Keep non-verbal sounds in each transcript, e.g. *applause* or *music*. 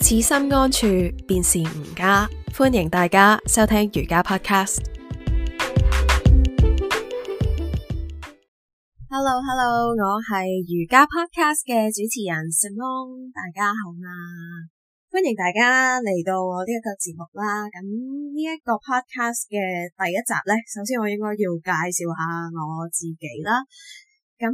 此心安處便是吾家，歡迎大家收聽如家 podcast。Hello，Hello，hello，我係如家 podcast 嘅主持人 Simone，大家好啊！歡迎大家嚟到我呢一個節目啦。咁呢一個 podcast 嘅第一集呢，首先我應該要介紹下我自己啦。咁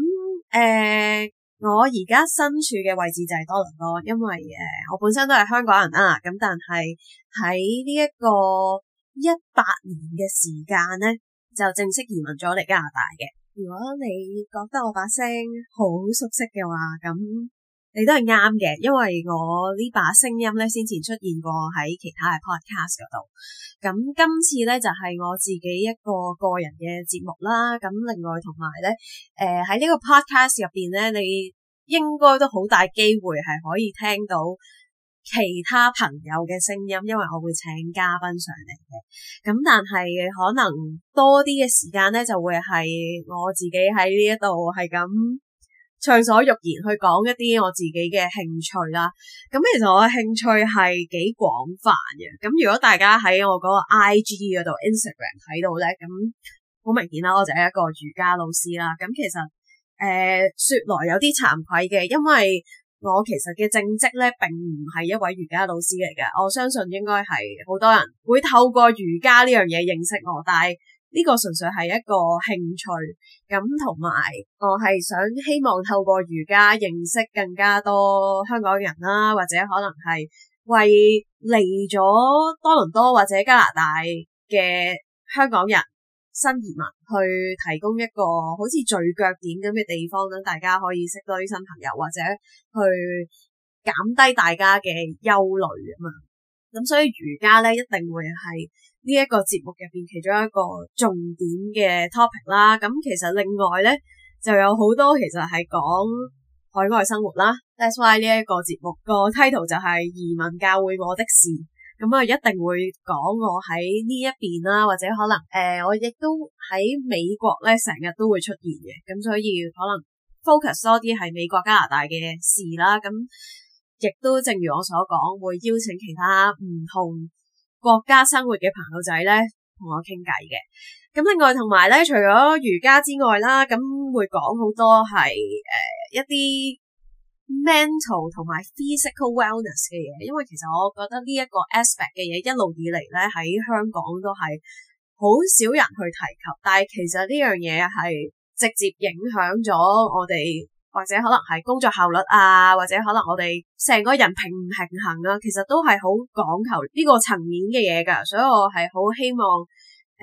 誒。我而家身處嘅位置就係多倫多，因為誒我本身都係香港人啊，咁但係喺呢一個一八年嘅時間呢，就正式移民咗嚟加拿大嘅。如果你覺得我把聲好熟悉嘅話，咁。你都係啱嘅，因為我呢把聲音咧，先前出現過喺其他嘅 Podcast 嗰度。咁今次咧就係，是，我自己一個個人嘅節目啦。咁另外同埋咧，誒、呃、喺呢個 Podcast 入邊咧，你應該都好大機會係可以聽到其他朋友嘅聲音，因為我會請嘉賓上嚟嘅。咁但係可能多啲嘅時間咧，就會係我自己喺呢一度係咁。暢所欲言去講一啲我自己嘅興趣啦，咁其實我嘅興趣係幾廣泛嘅。咁如果大家喺我嗰個 IG 嗰度 Instagram 睇到咧，咁好明顯啦，我就係一個瑜伽老師啦。咁其實誒、呃、説來有啲慚愧嘅，因為我其實嘅正職咧並唔係一位瑜伽老師嚟嘅。我相信應該係好多人會透過瑜伽呢樣嘢認識我，但係。呢個純粹係一個興趣咁，同埋我係想希望透過瑜伽認識更加多香港人啦，或者可能係為嚟咗多倫多或者加拿大嘅香港人新移民去提供一個好似聚腳點咁嘅地方，等大家可以識多啲新朋友，或者去減低大家嘅憂慮啊嘛～咁所以瑜伽咧，一定會係呢一個節目入邊其中一個重點嘅 topic 啦。咁其實另外咧，就有好多其實係講海外生活啦。That's why 呢一個節目個 title 就係、是、移民教會我的事。咁啊一定會講我喺呢一邊啦，或者可能誒、呃、我亦都喺美國咧成日都會出現嘅。咁所以可能 focus 多啲係美國加拿大嘅事啦。咁亦都正如我所講，會邀請其他唔同國家生活嘅朋友仔咧，同我傾偈嘅。咁另外同埋咧，除咗瑜伽之外啦，咁會講好多係誒、呃、一啲 mental 同埋 physical wellness 嘅嘢，因為其實我覺得呢一個 aspect 嘅嘢一路以嚟咧喺香港都係好少人去提及，但係其實呢樣嘢係直接影響咗我哋。或者可能係工作效率啊，或者可能我哋成個人平唔平衡啊，其實都係好講求呢個層面嘅嘢噶，所以我係好希望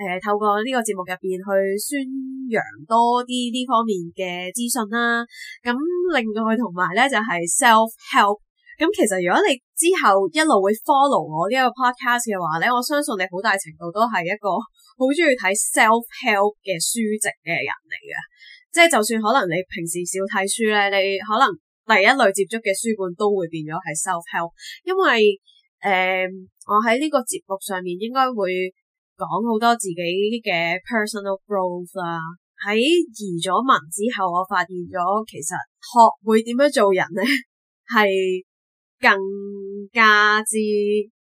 誒、呃、透過呢個節目入邊去宣揚多啲呢方面嘅資訊啦、啊。咁另外同埋咧就係、是、self help，咁其實如果你之後一路會 follow 我呢個 podcast 嘅話咧，我相信你好大程度都係一個好中意睇 self help 嘅書籍嘅人嚟嘅。即係就算可能你平時少睇書咧，你可能第一類接觸嘅書本都會變咗係 self help，因為誒、呃、我喺呢個節目上面應該會講好多自己嘅 personal growth 啦。喺移咗民之後，我發現咗其實學會點樣做人咧，係更加之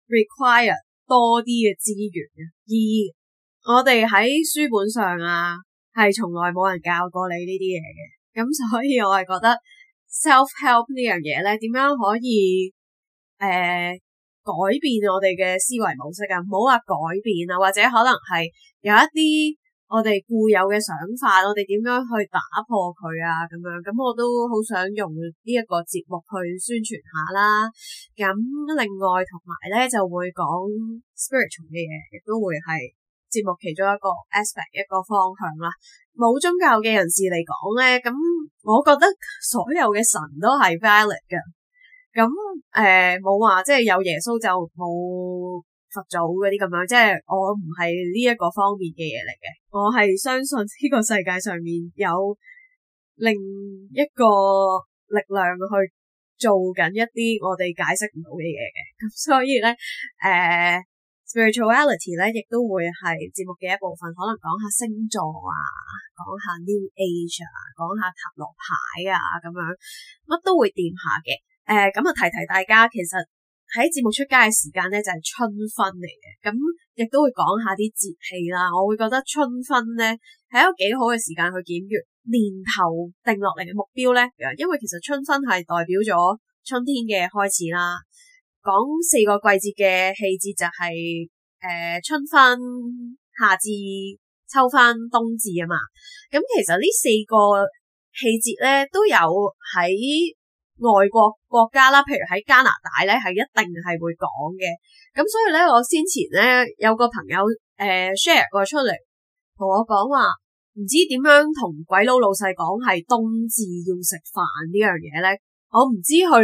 require 多啲嘅資源啊。而我哋喺書本上啊。係從來冇人教過你呢啲嘢嘅，咁所以我係覺得 self help 呢樣嘢咧，點樣可以誒、呃、改變我哋嘅思維模式啊？唔好話改變啊，或者可能係有一啲我哋固有嘅想法，我哋點樣去打破佢啊？咁樣，咁我都好想用呢一個節目去宣傳下啦、啊。咁另外同埋咧就會講 spiritual 嘅嘢，亦都會係。節目其中一個 aspect 一個方向啦，冇宗教嘅人士嚟講咧，咁我覺得所有嘅神都係 valid 噶，咁誒冇話即係有耶穌就冇佛祖嗰啲咁樣，即係我唔係呢一個方面嘅嘢嚟嘅，我係相信呢個世界上面有另一個力量去做緊一啲我哋解釋唔到嘅嘢嘅，咁所以咧誒。Spirituality 咧，亦都會係節目嘅一部分，可能講下星座啊，講下 New Age 啊，講下塔羅牌啊，咁樣乜都會掂下嘅。誒、呃，咁啊提提大家，其實喺節目出街嘅時間咧就係、是、春分嚟嘅，咁亦都會講下啲節氣啦。我會覺得春分咧係一個幾好嘅時間去檢閱年頭定落嚟嘅目標咧，因為其實春分係代表咗春天嘅開始啦。講四個季節嘅氣節就係、是、誒、呃、春分、夏至、秋分、冬至啊嘛，咁其實呢四個氣節咧都有喺外國國家啦，譬如喺加拿大咧係一定係會講嘅，咁所以咧我先前咧有個朋友誒 share，呃、過出嚟同我講話，唔知點樣同鬼佬老細講係冬至要食飯呢樣嘢咧，我唔知佢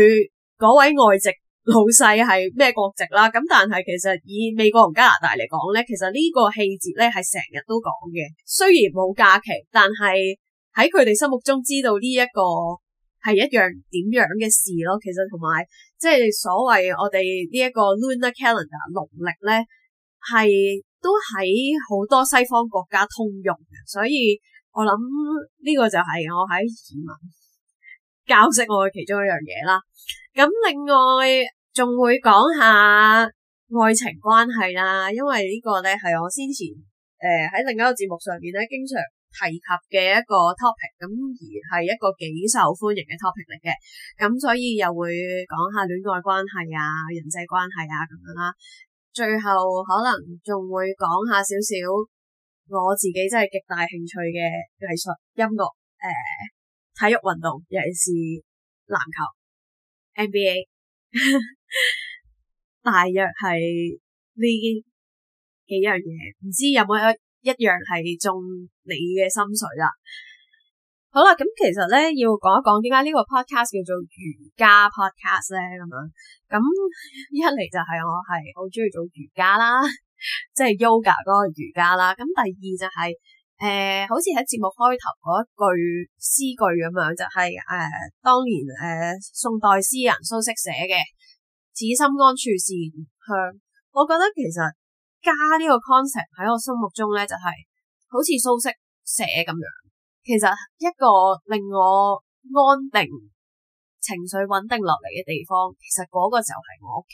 嗰位外籍老細係咩國籍啦？咁但係其實以美國同加拿大嚟講咧，其實呢個氣節咧係成日都講嘅，雖然冇假期，但係喺佢哋心目中知道呢一個係一樣點樣嘅事咯。其實同埋即係所謂我哋呢一個 Lunar Calendar 農曆咧，係都喺好多西方國家通用嘅，所以我諗呢個就係我喺移民。教識我嘅其中一樣嘢啦，咁另外仲會講下愛情關係啦，因為呢個咧係我先前誒喺、呃、另一個節目上邊咧經常提及嘅一個 topic，咁而係一個幾受歡迎嘅 topic 嚟嘅，咁所以又會講下戀愛關係啊、人際關係啊咁樣啦，最後可能仲會講下少少我自己真係極大興趣嘅藝術、音樂誒。呃.體育運動尤其是籃球 NBA， *laughs* 大約係呢幾樣嘢，唔知有冇一一樣係中你嘅心水啦、啊。好啦，咁其實咧要講一講點解呢個 podcast 叫做瑜伽 podcast 咧咁樣，咁一嚟就係我係好中意做瑜伽啦，即係 yoga 嗰個瑜伽啦，咁第二就係、是。誒、呃，好似喺節目開頭嗰一句詩句咁樣，就係、是、誒、呃、當年誒、呃、宋代詩人蘇軾寫嘅“此心安處是吾鄉”。我覺得其實加呢個 concept 喺我心目中咧，就係、是、好似蘇軾寫咁樣，其實一個令我安定情緒穩定落嚟嘅地方，其實嗰個就係我屋企。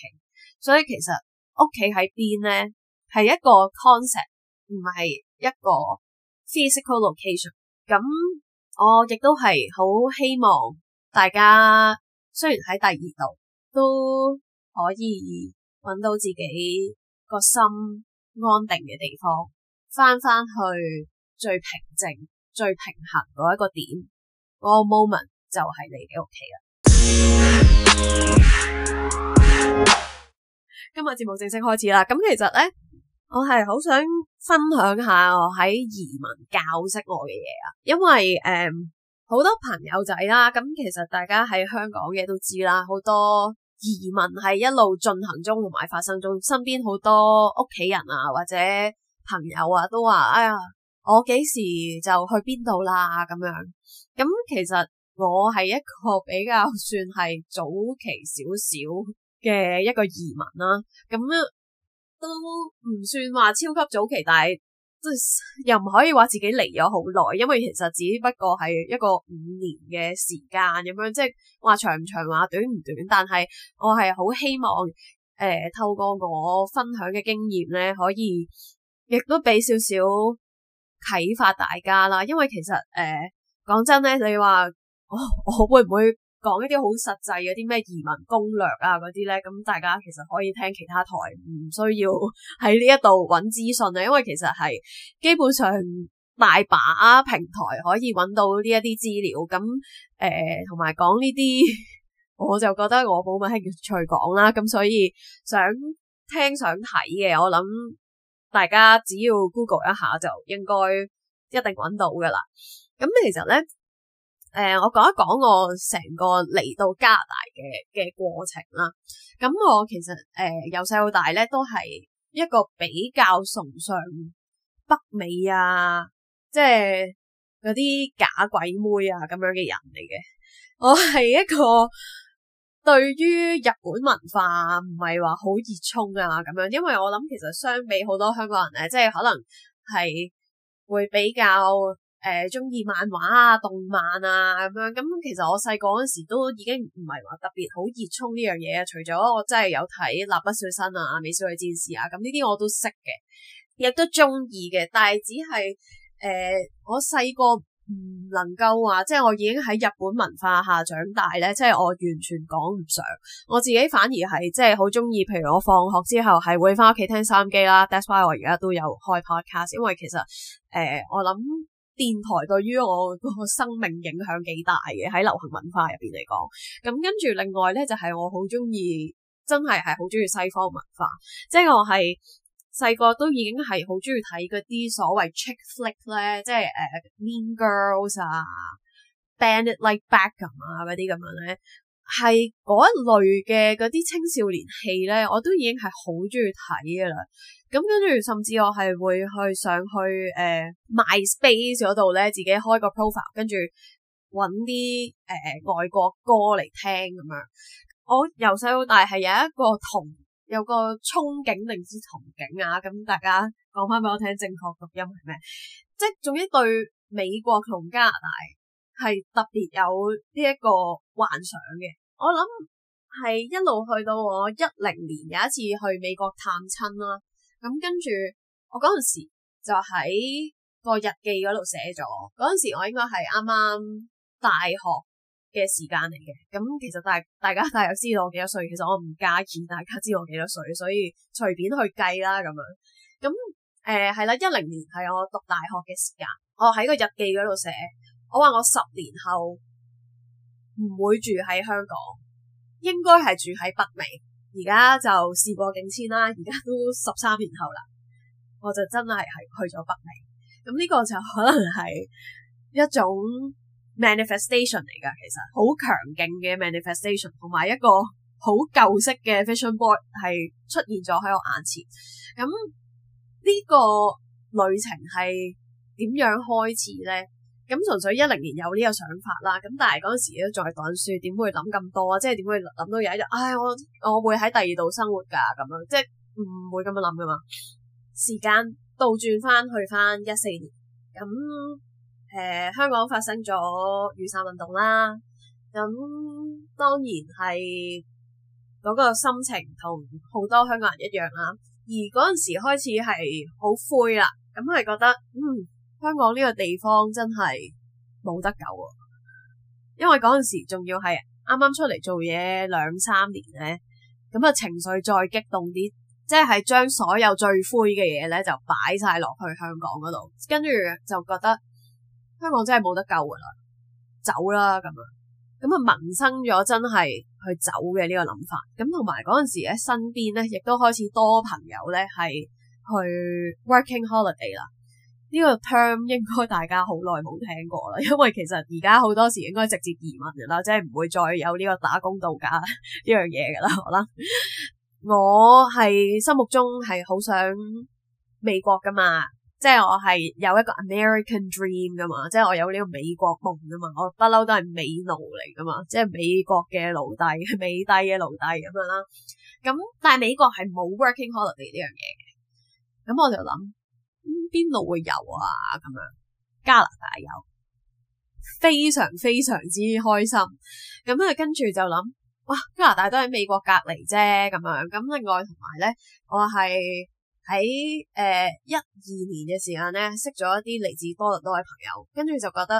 所以其實屋企喺邊咧，係一個 concept，唔係一個。physical location，咁我亦都係好希望大家雖然喺第二度都可以搵到自己個心安定嘅地方，翻翻去最平靜、最平衡嗰一個點，嗰個 moment 就係你嘅屋企啦。今日節目正式開始啦，咁其實咧。我係好想分享下我喺移民教識我嘅嘢啊，因為誒好、嗯、多朋友仔啦，咁、嗯、其實大家喺香港嘅都知啦，好多移民係一路進行中同埋發生中，身邊好多屋企人啊或者朋友啊都話，哎呀，我幾時就去邊度啦咁樣，咁、嗯、其實我係一個比較算係早期少少嘅一個移民啦、啊，咁、嗯。都唔算話超級早期，但係即係又唔可以話自己嚟咗好耐，因為其實只不過係一個五年嘅時間咁樣，即係話長唔長，話短唔短。但係我係好希望誒、呃，透過我分享嘅經驗咧，可以亦都俾少少啟發大家啦。因為其實誒、呃，講真咧，你話我我會唔會？講一啲好實際嗰啲咩移民攻略啊嗰啲咧，咁大家其實可以聽其他台，唔需要喺呢一度搵資訊啊。因為其實係基本上大把平台可以搵到呢一啲資料。咁誒，同埋講呢啲，我就覺得我冇乜興趣講啦。咁所以想聽想睇嘅，我諗大家只要 Google 一下就應該一定搵到噶啦。咁其實咧。誒、呃，我講一講我成個嚟到加拿大嘅嘅過程啦。咁我其實誒、呃、由細到大咧，都係一個比較崇尚北美啊，即係嗰啲假鬼妹啊咁樣嘅人嚟嘅。我係一個對於日本文化唔係話好熱衷啊咁樣，因為我諗其實相比好多香港人咧，即係可能係會比較。誒中意漫畫啊、動漫啊咁樣，咁其實我細個嗰時都已經唔係話特別好熱衷呢樣嘢，除咗我真係有睇《蠟筆小新》啊、《美少女戰士》啊，咁呢啲我都識嘅，亦都中意嘅。但係只係誒、呃，我細個唔能夠話，即係我已經喺日本文化下長大咧，即係我完全講唔上。我自己反而係即係好中意，譬如我放學之後係會翻屋企聽收音機啦。That's why 我而家都有開 podcast，因為其實誒、呃，我諗。電台對於我個生命影響幾大嘅，喺流行文化入邊嚟講。咁跟住另外咧就係、係、我好中意，真係係好中意西方文化，即係我係細個都已經係好中意睇嗰啲所謂 chick flick 咧，即係誒、uh, Mean Girls 啊 Bend It Like Beckham，啊嗰啲咁樣咧，係嗰一類嘅嗰啲青少年戲咧，我都已經係好中意睇噶啦。咁跟住，甚至我係會去上去誒 MySpace 嗰度咧，呃、自己開個 profile，跟住搵啲誒外國歌嚟聽咁樣。我由細到大係有一個同有個憧憬，定之憧憬啊。咁大家講翻俾我聽，正確讀音係咩？即係仲一對美國同加拿大係特別有呢一個幻想嘅。我諗係一路去到我一零年有一次去美國探親啦。咁跟住，我嗰陣時就喺個日記嗰度寫咗。嗰陣時我應該係啱啱大學嘅時間嚟嘅。咁其實大大家大約知道我幾多歲，其實我唔介意大家知我幾多歲，所以隨便去計啦咁樣。咁誒係啦，一零年係我讀大學嘅時間，我喺個日記嗰度寫，我話我十年後唔會住喺香港，應該係住喺北美。而家就事過境遷啦，而家都十三年後啦，我就真係係去咗北美，咁呢個就可能係一種 manifestation 嚟噶，其實好強勁嘅 manifestation，同埋一個好舊式嘅 vision board 係出現咗喺我眼前，咁呢個旅程係點樣開始咧？咁純粹一零年有呢個想法啦，咁但係嗰陣時都仲係讀緊書，點會諗咁多啊？即係點會諗到有一日，唉、哎，我我會喺第二度生活㗎咁樣，即係唔會咁樣諗㗎嘛。時間倒轉翻去翻一四年，咁誒、呃、香港發生咗雨傘運動啦，咁當然係嗰個心情同好多香港人一樣啦。而嗰陣時開始係好灰啦，咁係覺得嗯，香港呢個地方真係冇得救啊！因為嗰陣時仲要係啱啱出嚟做嘢兩三年咧，咁啊情緒再激動啲，即係將所有最灰嘅嘢咧就擺晒落去香港嗰度，跟住就覺得香港真係冇得救噶啦，走啦咁樣，咁啊萌生咗真係去走嘅呢個諗法。咁同埋嗰陣時咧，身邊咧亦都開始多朋友咧係去 working holiday 啦。呢個 term 應該大家好耐冇聽過啦，因為其實而家好多時應該直接移民噶啦，即係唔會再有呢個打工度假呢樣嘢噶啦。我諗我係心目中係好想美國噶嘛，即係我係有一個 American dream 噶嘛，即係我有呢個美國夢噶嘛，我不嬲都係美奴嚟噶嘛，即係美國嘅奴隸、美帝嘅奴隸咁樣啦。咁但係美國係冇 working holiday 呢樣嘢嘅，咁我就諗。邊度、嗯、會有啊？咁樣加拿大有，非常非常之開心。咁咧跟住就諗，哇！加拿大都喺美國隔籬啫，咁樣。咁另外同埋咧，我係喺誒一二年嘅時間咧，識咗一啲嚟自多倫多嘅朋友。跟住就覺得，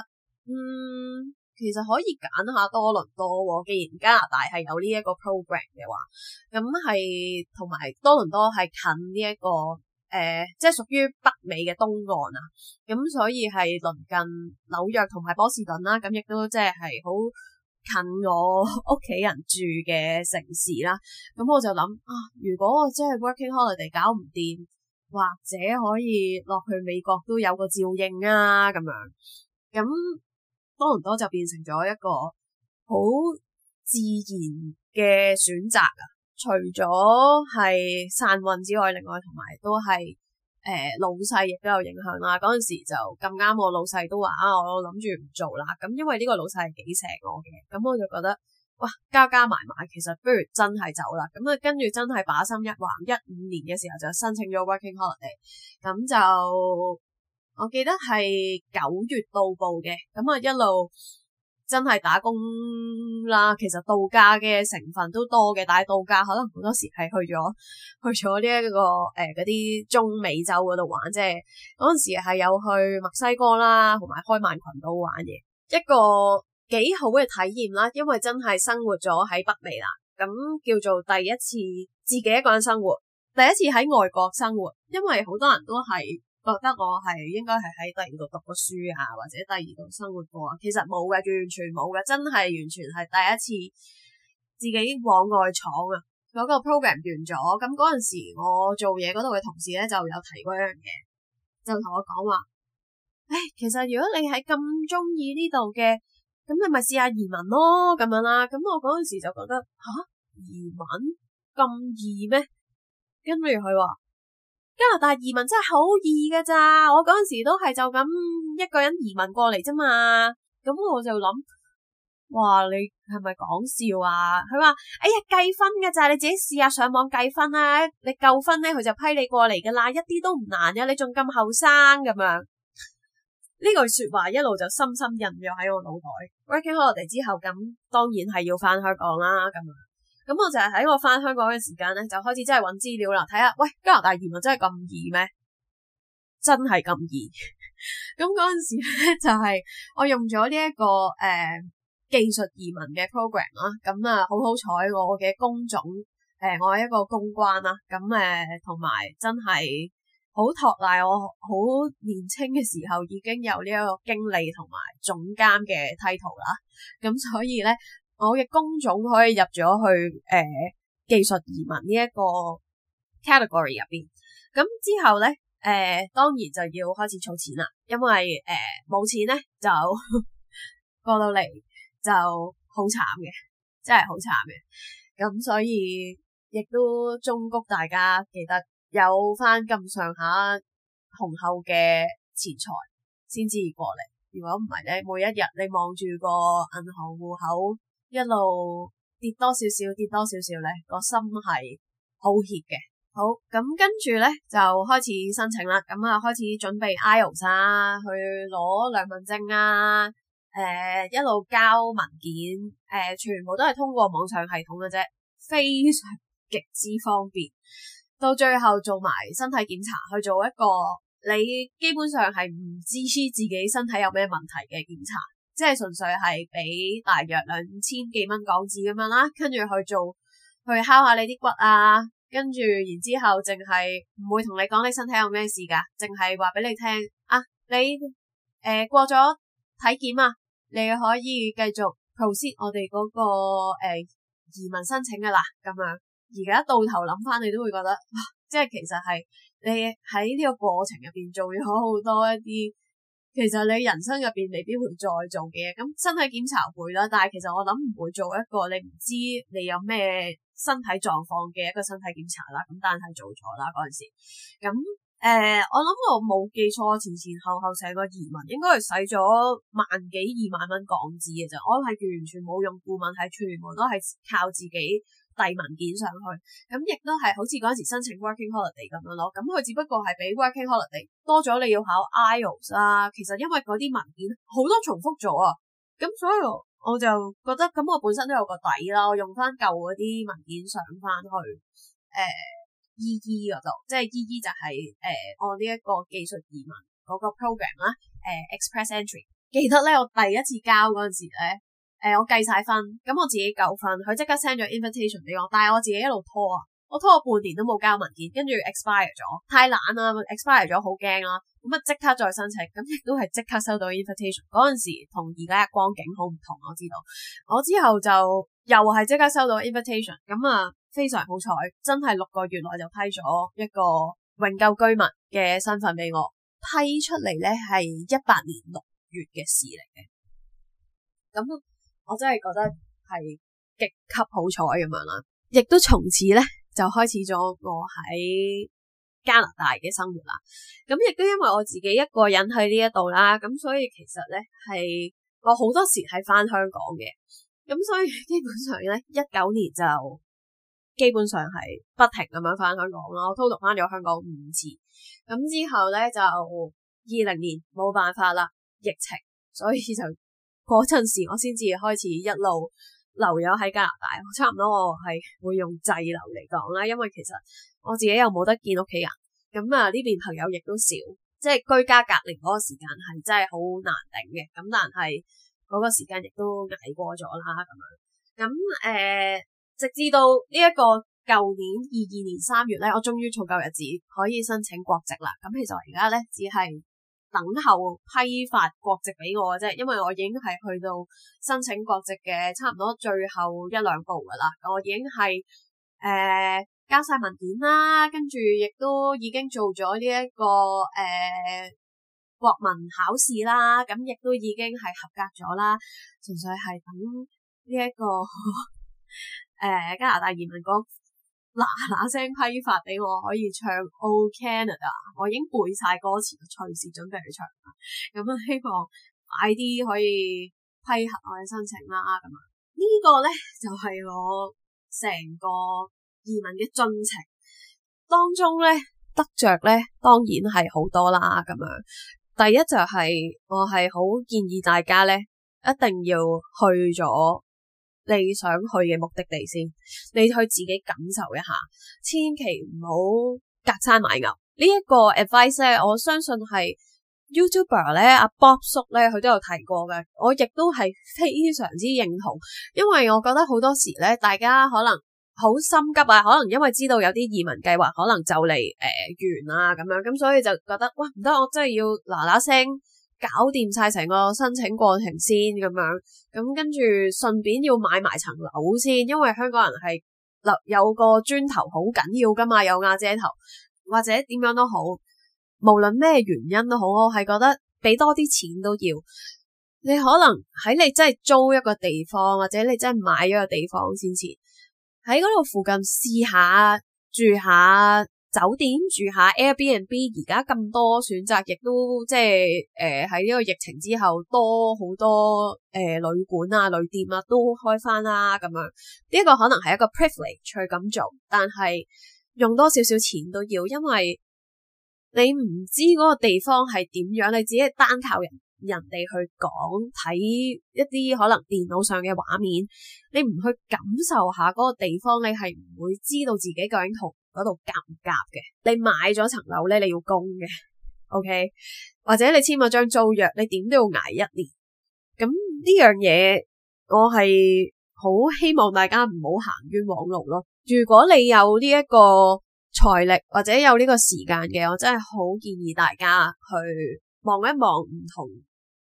嗯，其實可以揀下多倫多。既然加拿大係有呢一個 program 嘅話，咁係同埋多倫多係近呢、這、一個。誒、呃，即係屬於北美嘅東岸啊，咁、嗯、所以係鄰近紐約同埋波士頓啦、啊，咁亦都即係好近我屋企人住嘅城市啦、啊。咁、嗯、我就諗啊，如果我真係 working holiday 搞唔掂，或者可以落去美國都有個照應啊，咁樣咁、嗯、多倫多就變成咗一個好自然嘅選擇啊。除咗係散運之外，另外同埋都係誒老細亦都有影響啦。嗰陣時就咁啱，我老細都話我諗住唔做啦。咁因為呢個老細係幾錫我嘅，咁我就覺得哇，加加埋埋，其實不如真係走啦。咁啊，跟住真係把心一橫，一五年嘅時候就申請咗 working holiday。咁就我記得係九月到埗嘅。咁我一路～真係打工啦，其實度假嘅成分都多嘅，但係度假可能好多時係去咗去咗呢一個誒嗰啲中美洲嗰度玩啫。嗰陣時係有去墨西哥啦，同埋開曼群島玩嘅，一個幾好嘅體驗啦，因為真係生活咗喺北美啦，咁叫做第一次自己一個人生活，第一次喺外國生活，因為好多人都係。覺得我係應該係喺第二度讀過書啊，或者第二度生活過啊，其實冇嘅，完全冇嘅，真係完全係第一次自己往外闖啊！嗰、那個 program 完咗，咁嗰陣時我做嘢嗰度嘅同事咧就有提過一樣嘢，就同我講話，唉、哎，其實如果你係咁中意呢度嘅，咁你咪試下移民咯，咁樣啦、啊。咁我嗰陣時就覺得吓、啊，移民咁易咩？跟住佢話。加拿大移民真係好易噶咋，我嗰陣時都係就咁一個人移民過嚟啫嘛，咁我就諗，哇你係咪講笑啊？佢話，哎呀計分噶咋，你自己試下上網計分呀，你夠分咧，佢就批你過嚟噶啦，一啲都唔難嘅，啊，你仲咁後生咁樣，呢 *laughs* 句說話一路就深深印咗喺我腦袋。working holiday 好落嚟之後，咁當然係要返香港啦，咁樣。咁我就係喺我翻香港嘅時間咧，就開始真係搵資料啦，睇下喂，加拿大移民真係咁易咩？真係咁易。咁嗰陣時咧就係、是、我用咗呢一個誒、呃、技術移民嘅 program 啦。咁啊，好好彩我嘅工種誒、呃，我係一個公關啦。咁誒同埋真係好托賴我好年輕嘅時候已經有呢一個經理同埋總監嘅 title 啦，啊。咁，啊，所以咧。我嘅工種可以入咗去誒、呃、技術移民呢一個 category 入邊，咁之後咧誒、呃、當然就要開始儲錢啦，因為誒冇、呃、錢咧就 *laughs* 過到嚟就好慘嘅，真係好慘嘅。咁所以亦都忠告大家記得有返咁上下雄厚嘅錢財先至過嚟。如果唔係咧，每一日你望住個銀行戶口。一路跌多少少跌多少少咧，個心係好怯嘅。好，咁跟住咧就開始申請啦，咁啊開始準備 IELTS 啊，去攞良民證啊，誒、呃、一路交文件，誒、呃、全部都係通過網上系統嘅啫，非常極之方便。到最後做埋身體檢查，去做一個你基本上係唔知自己身體有咩問題嘅檢查。即係純粹係俾大約兩千幾蚊港紙咁樣啦，跟住去做，去敲下你啲骨啊，然後然後跟住然之後淨係唔會同你講你身體有咩事噶，淨係話俾你聽啊，你誒、呃、過咗體檢啊，你可以繼續 proceed 我哋嗰、嗰個、呃、移民申請噶啦咁樣。而家到頭諗翻，你都會覺得，哇！即係其實係你喺呢個過程入邊做咗好多一啲。其實你人生入邊未必會再做嘅嘢，咁身體檢查會啦，但係其實我諗唔會做一個你唔知你有咩身體狀況嘅一個身體檢查啦。咁但係做咗啦嗰陣時，咁誒、呃、我諗我冇記錯前前後後成個移民應該係使咗萬幾二萬蚊港紙嘅啫，我係完全冇用顧問，係全部都係靠自己。遞文件上去，咁亦都係好似嗰陣時申請 working holiday 咁樣咯。咁佢只不過係比 working holiday 多咗你要考 IELTS 啦、啊。其實因為嗰啲文件好多重複咗啊，咁所以我就覺得咁我本身都有個底咯，用翻舊嗰啲文件上翻去誒、呃、EE 嗰度，即係 EE 就係、是、誒、呃、按呢一個技術移民嗰個 program 啦、呃，誒 Express Entry。記得咧，我第一次交嗰陣時咧。誒、呃，我計晒分，咁我自己夠分，佢即刻 send 咗 invitation 俾我，但係我自己一路拖啊，我拖咗半年都冇交文件，跟住 expire 咗，太懶啦，expire 咗好驚啦，咁啊即刻再申請，咁亦都係即刻收到 invitation，嗰陣時同而家嘅光景好唔同，我知道，我之後就又係即刻收到 invitation，咁啊非常好彩，真係六個月內就批咗一個永久居民嘅身份俾我，批出嚟咧係一八年六月嘅事嚟嘅，咁。我真係覺得係極級好彩咁樣啦，亦都從此咧就開始咗我喺加拿大嘅生活啦。咁亦都因為我自己一個人喺呢一度啦，咁所以其實咧係我好多時係翻香港嘅，咁所以基本上咧一九年就基本上係不停咁樣翻香港咯。我 total 翻咗香港五次，咁之後咧就二零年冇辦法啦，疫情，所以就。嗰陣時，我先至開始一路留友喺加拿大，差唔多我係會用滯留嚟講啦，因為其實我自己又冇得見屋企人，咁啊呢邊朋友亦都少，即係居家隔離嗰個時間係真係好難頂嘅，咁但係嗰個時間亦都捱過咗啦，咁樣，咁、呃、誒直至到年年呢一個舊年二二年三月咧，我終於儲夠日子可以申請國籍啦，咁其實而家咧只係，等候批發國籍俾我嘅啫，因為我已經係去到申請國籍嘅差唔多最後一兩步噶啦，我已經係誒、呃、交晒文件啦，跟住亦都已經做咗呢一個誒、呃、國民考試啦，咁亦都已經係合格咗啦，純粹係等呢一個誒、 *laughs* 呃、加拿大移民局。嗱嗱聲批發俾我可以唱 O Canada，我已經背晒歌詞，隨時準備去唱。咁啊，希望快啲可以批核我嘅申請啦。咁啊，這個、呢個咧就係、是、我成個移民嘅進程當中咧得着咧，當然係好多啦。咁樣第一就係、是、我係好建議大家咧，一定要去咗你想去嘅目的地先，你去自己感受一下，千祈唔好隔山買牛。呢一個 advice 咧，我相信係 YouTuber 咧，阿 Bob 叔咧，佢都有提過嘅。我亦都係非常之認同，因為我覺得好多時咧，大家可能好心急啊，可能因為知道有啲移民計劃可能就嚟誒完啊咁樣，咁所以就覺得哇唔得，我真係要嗱嗱聲。搞掂晒成個申請過程先咁樣，咁跟住順便要買埋層樓先，因為香港人係嗱有個磚頭好緊要噶嘛，有瓦遮頭或者點樣都好，無論咩原因都好，我係覺得俾多啲錢都要。你可能喺你真係租一個地方，或者你真係買一個地方先，前喺嗰度附近試下住下。住酒店住下 Airbnb 而家咁多選擇，亦都即係誒喺呢個疫情之後多好多誒、呃、旅館啊旅店啊都開翻啦，咁樣，呢一個可能係一個 privilege，去咁做，但係用多少少錢都要，因為你唔知嗰個地方係點樣，你只係單靠人人哋去講，睇一啲可能電腦上嘅畫面，你唔去感受下嗰個地方，你係唔會知道自己究竟同。嗰度夾唔夾嘅？你買咗層樓咧，你要供嘅，OK？或者你簽咗張租約，你點都要捱一年。咁呢樣嘢，我係好希望大家唔好行冤枉路咯。如果你有呢一個財力或者有呢個時間嘅，我真係好建議大家去望一望唔同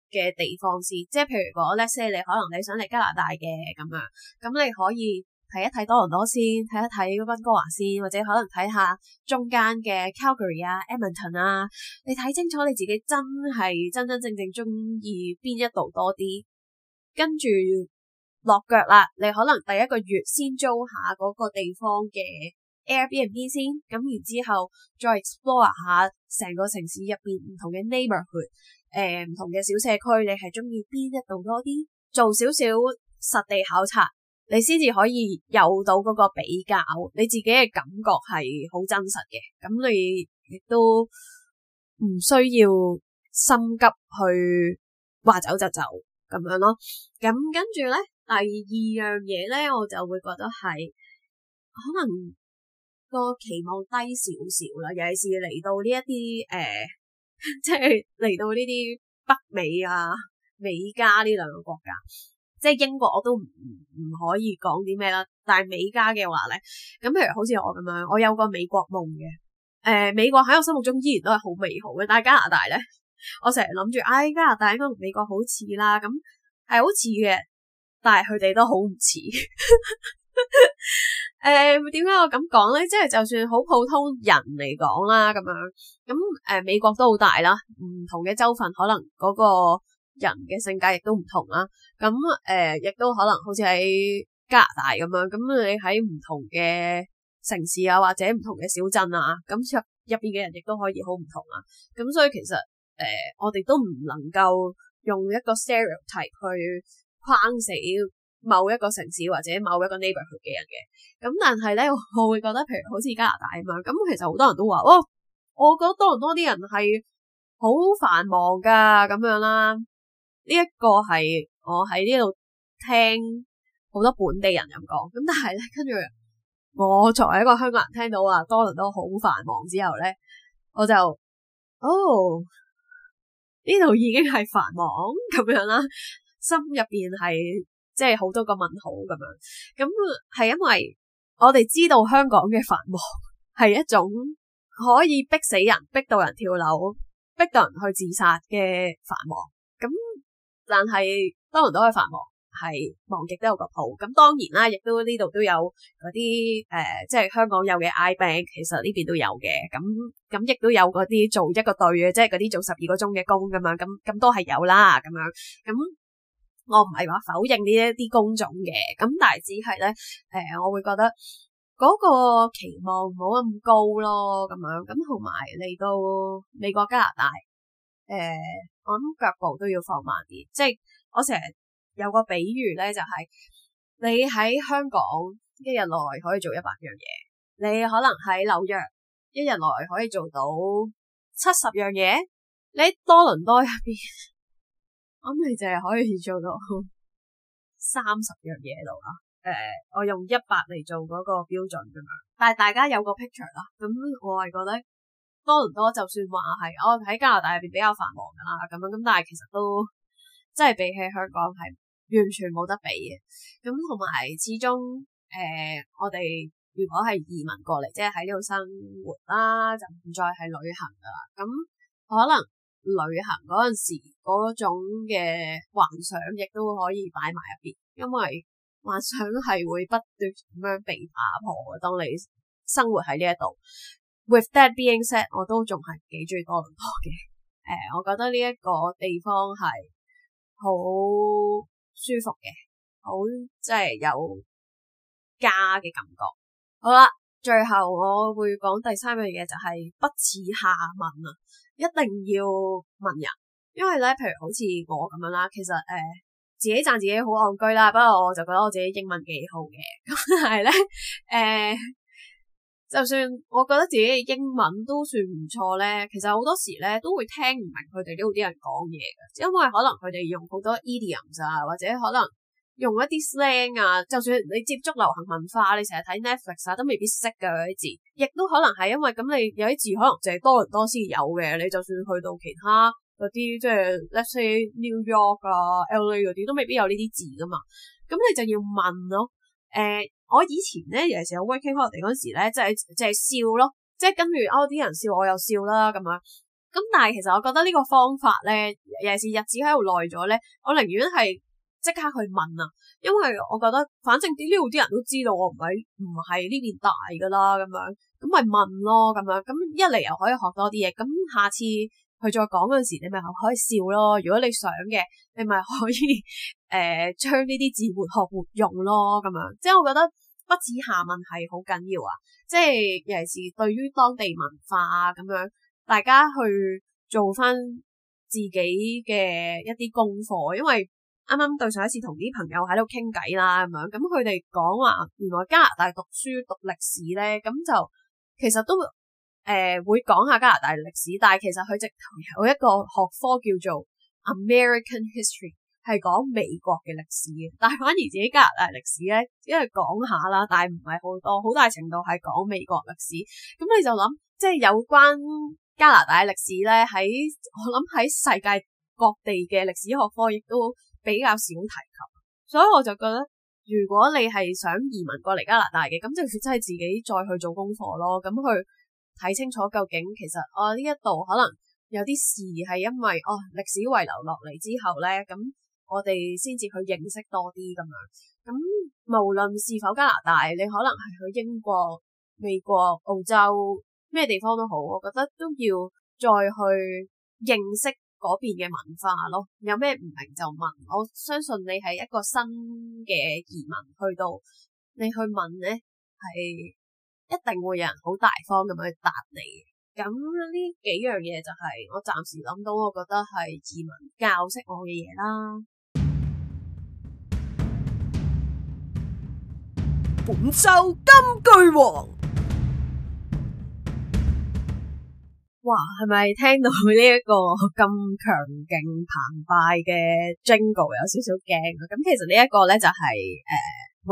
嘅地方先。即係譬如講，let’s say 你可能你想嚟加拿大嘅咁樣，咁你可以。睇一睇多倫多先，睇一睇溫哥華先，或者可能睇下中間嘅 Calgary 啊、Edmonton 啊。你睇清楚你自己真係真真正正中意邊一度多啲，跟住落腳啦。你可能第一個月先租下嗰個地方嘅 Airbnb 先，咁然之後再 explore 下成個城市入邊唔同嘅 neighborhood 誒、呃、唔同嘅小社區，你係中意邊一度多啲，做少少實地考察。你先至可以有到嗰個比較，你自己嘅感覺係好真實嘅，咁你亦都唔需要心急去話走就走咁樣咯。咁跟住咧，第二樣嘢咧，我就會覺得係可能個期望低少少啦，尤其是嚟到呢一啲誒，即係嚟到呢啲北美啊、美加呢兩個國家。即係英國我都唔唔可以講啲咩啦，但係美加嘅話咧，咁譬如好似我咁樣，我有個美國夢嘅，誒、呃、美國喺我心目中依然都係好美好嘅，但係加拿大咧，我成日諗住，唉、哎，加拿大應該同美國好似啦，咁係好似嘅，但係佢哋都好唔似，誒，點解我咁講咧？即係就算好普通人嚟講啦，咁樣咁誒、呃、美國都好大啦，唔同嘅州份可能嗰、嗰個。人嘅性格亦都唔同啦、啊，咁誒、呃、亦都可能好似喺加拿大咁樣，咁你喺唔同嘅城市啊，或者唔同嘅小鎮啊，咁入入邊嘅人亦都可以好唔同啊，咁所以其實誒、呃、我哋都唔能夠用一個 stereotype 嚟去框死某一個城市或者某一個 neighborhood 嘅人嘅，咁但係咧我會覺得譬如好似加拿大啊嘛，咁其實好多人都話，我、哦、我覺得多倫多啲人係好繁忙㗎咁樣啦、啊。呢一個係我喺呢度聽好多本地人咁講，咁但係咧，跟住我作為一個香港人聽到話多倫多好繁忙之後咧，我就哦，呢度已經係繁忙咁樣啦，心入邊係即係好多個問號咁樣，咁係因為我哋知道香港嘅繁忙係一種可以逼死人、逼到人跳樓、逼到人去自殺嘅繁忙，咁。但係，當然都可以繁忙，係忙極都有個鋪。咁當然啦，亦都呢度都有嗰啲誒，即係香港有嘅 I bank 其實呢邊都有嘅。咁咁亦都有嗰啲做一個隊嘅，即係嗰啲做十二個鐘嘅工咁嘛。咁咁都係有啦。咁樣咁，我唔係話否認呢一啲工種嘅。咁但係只係咧誒，我會覺得嗰個期望冇咁高咯。咁樣咁同埋嚟到美國加拿大誒。呃我諗腳步都要放慢啲，即係我成日有個比喻咧，就係、是、你喺香港一日內可以做一百樣嘢，你可能喺紐約一日內可以做到七十樣嘢，你喺多倫多入邊，我咪淨係可以做到三十樣嘢度咯。誒、呃，我用一百嚟做嗰個標準咁樣，但係大家有個 picture 啦，咁我係覺得。多唔多？就算話係我喺加拿大入邊比較繁忙噶啦，咁樣咁，但係其實都即係比起香港係完全冇得比嘅。咁同埋始終，誒、呃、我哋如果係移民過嚟，即係喺呢度生活啦，就唔再係旅行噶啦。咁、嗯、可能旅行嗰陣時嗰種嘅幻想，亦都可以擺埋入邊，因為幻想係會不斷咁樣被打破。當你生活喺呢一度。With that being said，我都仲係幾中意多倫多嘅，誒、呃，我覺得呢一個地方係好舒服嘅，好即係有家嘅感覺。好啦，最後我會講第三樣嘢就係不恥下問啊，一定要問人，因為咧，譬如好似我咁樣啦，其實誒、呃、自己讚自己好戇居啦，不過我就覺得我自己英文幾好嘅，咁但係咧誒。呃就算我覺得自己嘅英文都算唔錯咧，其實好多時咧都會聽唔明佢哋呢度啲人講嘢嘅，因為可能佢哋用好多 idioms 啊，或者可能用一啲 slang 啊。就算你接觸流行文化，你成日睇 Netflix 啊，都未必識嘅嗰啲字，亦都可能係因為咁。你有啲字可能淨係多倫多先有嘅，你就算去到其他嗰啲，即係 let’s say New York 啊、LA 嗰啲，都未必有呢啲字噶嘛。咁你就要問咯，誒。我以前咧，有時 working holiday 翻嚟嗰陣時咧，即係即係笑咯，即係跟住哦啲人笑，我又笑啦咁樣。咁但係其實我覺得呢個方法咧，尤其是日子喺度耐咗咧，我寧願係即刻去問啊，因為我覺得反正呢度啲人都知道我唔係唔係呢邊大噶啦，咁樣咁咪問咯，咁樣咁一嚟又可以學多啲嘢，咁下次。佢再講嗰陣時，你咪可以笑咯。如果你想嘅，你咪可以誒、呃、將呢啲字活學活用咯。咁樣即係我覺得不恥下問係好緊要啊！即係尤其是對於當地文化啊咁樣，大家去做返自己嘅一啲功課。因為啱啱對上一次同啲朋友喺度傾偈啦，咁樣咁佢哋講話，說說原來加拿大讀書讀歷史咧，咁就其實都會。誒，會講下加拿大歷史，但係其實佢直頭有一個學科叫做 American History，係講美國嘅歷史嘅。但係反而自己加拿大歷史咧，只係講下啦，但係唔係好多，好大程度係講美國歷史。咁你就諗，即係有關加拿大嘅歷史咧，喺我諗喺世界各地嘅歷史學科亦都比較少提及。所以我就覺得，如果你係想移民過嚟加拿大嘅，咁就真係自己再去做功課咯，咁去。睇清楚究竟，其實哦呢一度可能有啲事係因為哦歷史遺留落嚟之後咧，咁我哋先至去認識多啲咁樣。咁無論是否加拿大，你可能係去英國、美國、澳洲咩地方都好，我覺得都要再去認識嗰邊嘅文化咯。有咩唔明就問，我相信你係一個新嘅移民去到，你去問咧係，一定會有人好大方咁去答你嘅。咁呢幾樣嘢就係、是、我暫時諗到，我覺得係移民教識我嘅嘢啦。本周金句王，哇，係咪聽到呢一個咁強勁澎湃嘅 Jingle 有少少驚？咁其實呢一個咧就係、是、誒、呃，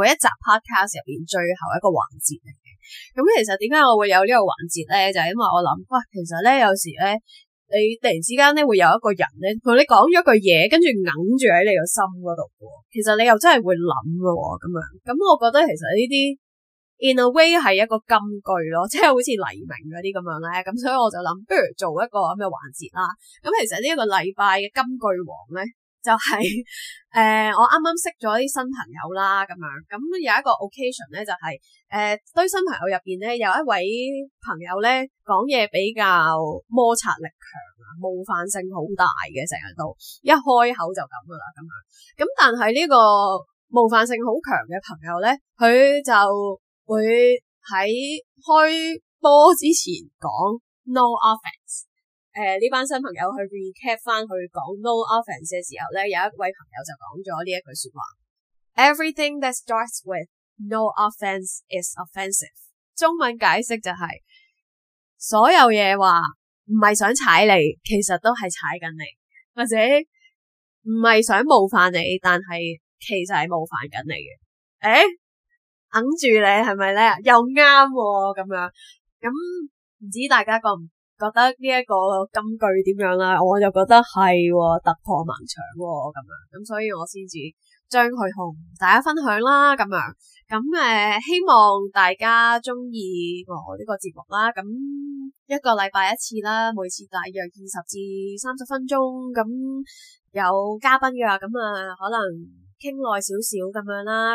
每一集 Podcast 入邊最後一個環節。咁其實點解我會有呢個環節咧？就係因為我諗，喂，其實咧有時咧，你突然之間咧會有一個人咧同你講咗句嘢，跟住硬住喺你個心嗰度，其實你又真係會諗咯咁樣。咁我覺得其實呢啲 in a way 係一個金句咯，即係好似黎明嗰啲咁樣咧。咁所以我就諗不如做一個咁嘅環節啦。咁其實呢一個禮拜嘅金句王咧。就係、是、誒、呃，我啱啱識咗啲新朋友啦，咁樣咁有一個 occasion 咧、就是，就係誒堆新朋友入邊咧，有一位朋友咧講嘢比較摩擦力強啊，冒犯性好大嘅，成日都一開口就咁噶啦，咁樣咁但係呢個冒犯性好強嘅朋友咧，佢就會喺開波之前講 No offense。誒，呢、呃、班新朋友去 recap 翻去講 no offense 嘅時候咧，有一位朋友就講咗呢一句說話：Everything that starts with no offense is offensive。中文解釋就係、是、所有嘢話唔係想踩你，其實都係踩緊你，或者唔係想冒犯你，但係其實係冒犯緊你嘅。誒，硬住你係咪咧？又啱咁、啊、樣，咁唔知大家覺唔？覺得呢一個金句點樣啦？我就覺得係、哦、突破盲腸喎、哦，咁樣咁，所以我先至將佢同大家分享啦，咁樣咁誒，希望大家中意我呢個節目啦，咁一個禮拜一次啦，每次大約二十至三十分鐘，咁有嘉賓嘅，咁啊可能傾耐少少咁樣啦。